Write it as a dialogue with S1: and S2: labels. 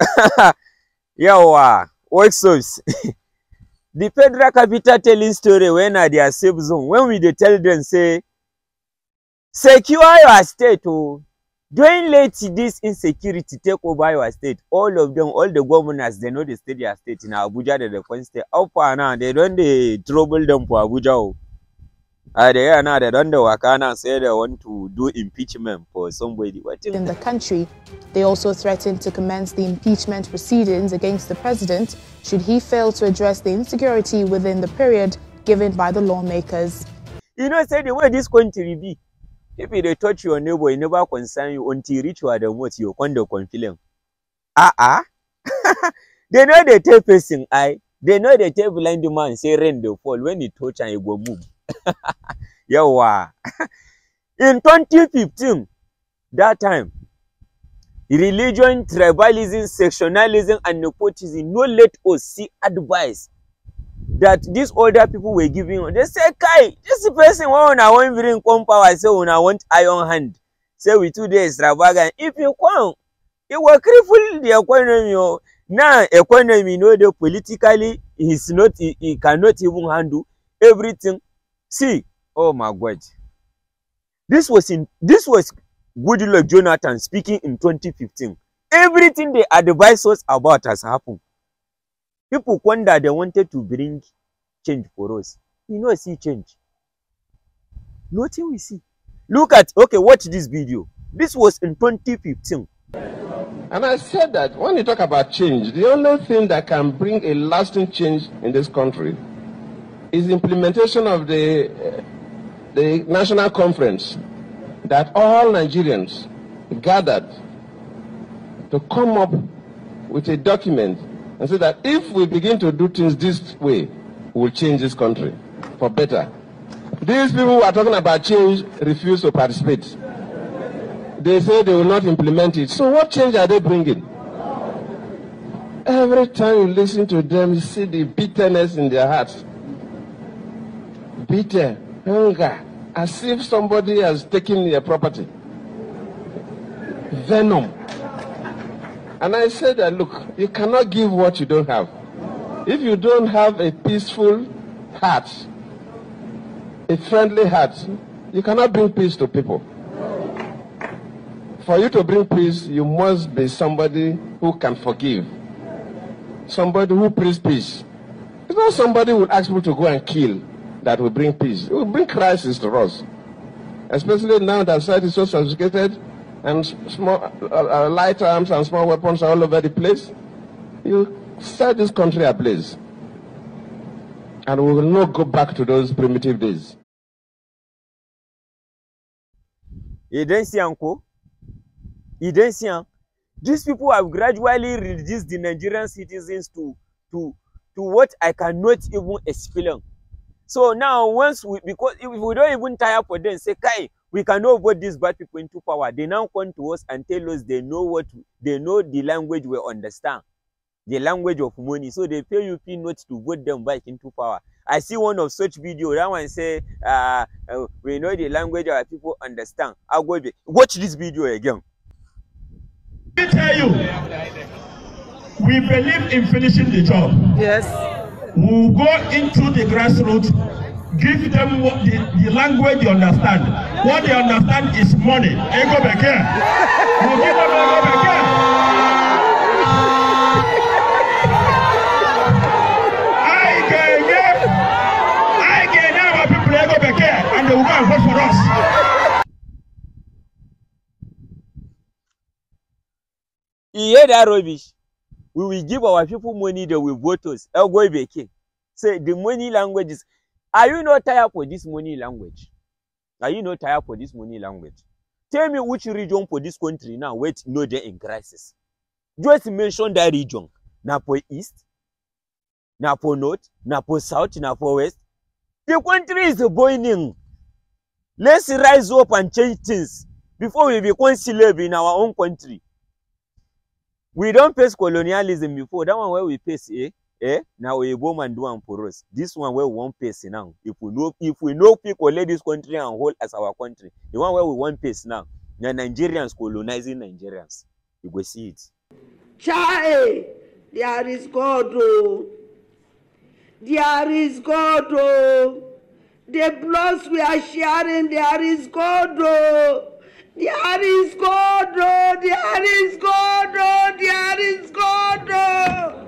S1: yawa work source the federal capital telling story when are their safe zone when we dey tell them say secure your state o oh. don't let this insecurity take over your state all of them all the governors they no dey stay their state in abuja dey dey come stay up and now, they don dey trouble them for abuja o. Oh. Uh, they now do Wakana say they want to do impeachment for somebody. What in the country, they also threatened to commence the impeachment proceedings against the president should he fail to address the insecurity within the period given by the lawmakers. You know, say the way this country be. If they touch your neighbor, it never concern you until you reach they want you condo confilm. Ah ah. they know they tell facing I. They know they tell blind man say rain they fall when it touch and it will move. In 2015, that time, religion, tribalism, sectionalism, and nepotism no let us see advice that these older people were giving. They say, Kai, this person want I want bring compound, I say when I want iron hand. Say we two days extravagant. If you come, it will cripple the economy. Oh. Now economy you know the politically is not he cannot even handle everything See, oh my God. This was in this was Goodluck Jonathan speaking in 2015. Everything they advised us about has happened. People wonder they wanted to bring change for us. You know, see change. Nothing we see.
S2: Look at okay, watch this video. This was in 2015. And I said that when you talk about change, the only thing that can bring a lasting change in this country is implementation of the, the national conference that all Nigerians gathered to come up with a document and say that if we begin to do things this way, we'll change this country for better. These people who are talking about change refuse to participate. They say they will not implement it. So what change are they bringing? Every time you listen to them, you see the bitterness in their hearts. Peter, anger, as if somebody has taken your property. Venom. And I said that look, you cannot give what you don't have. If you don't have a peaceful heart, a friendly heart, you cannot bring peace to people. For you to bring peace, you must be somebody who can forgive, somebody who brings peace. It's not somebody who asks people to go and kill. that will bring peace. It will bring crisis to us, especially now that society is so sophisticated and small uh, uh light arms and small weapons are all over the place. You set this country ablaze, and we will not go back to those primitive days.
S1: these people have gradually reduced the Nigerian citizens to to to what I cannot even explain. So now once we, because if we don't even tire for them, say, Kai, we cannot vote these bad people into power. They now come to us and tell us they know what, they know the language we understand, the language of money. So they pay UP not to vote them back into power. I see one of such video, that one say, uh, uh, we know the language our people understand. I go back. Watch this video again. Let me tell you,
S2: we believe in finishing the job. Yes we will go into the grassroots give them what the, the language they understand what they understand is money ego bekee we we'll give them ego bekee. And they will go and vote for us.
S1: e hear that rubbish we will give our people money They will vote us. Elgoy Beke. Say the money language is. Are you not tired for this money language? Are you not tired for this money language? Tell me which region for this country now wait no they in crisis. Just mention that region. Now for east, now for north, now for south, now for west. The country is boiling. Let's rise up and change things before we become slaves in our own country we don't face colonialism before that one Where we face eh eh Now we oyibo man do am for us This one where we wan face now if we know, if we know, fit collect this country and hold as our country the one where we wan face now Now nigerians colonizing nigerians you go see it. chai there is god oh. there is god oh. the blood we are sharing there is god
S2: oh. There is God, oh, there is God, oh, there is God. Oh.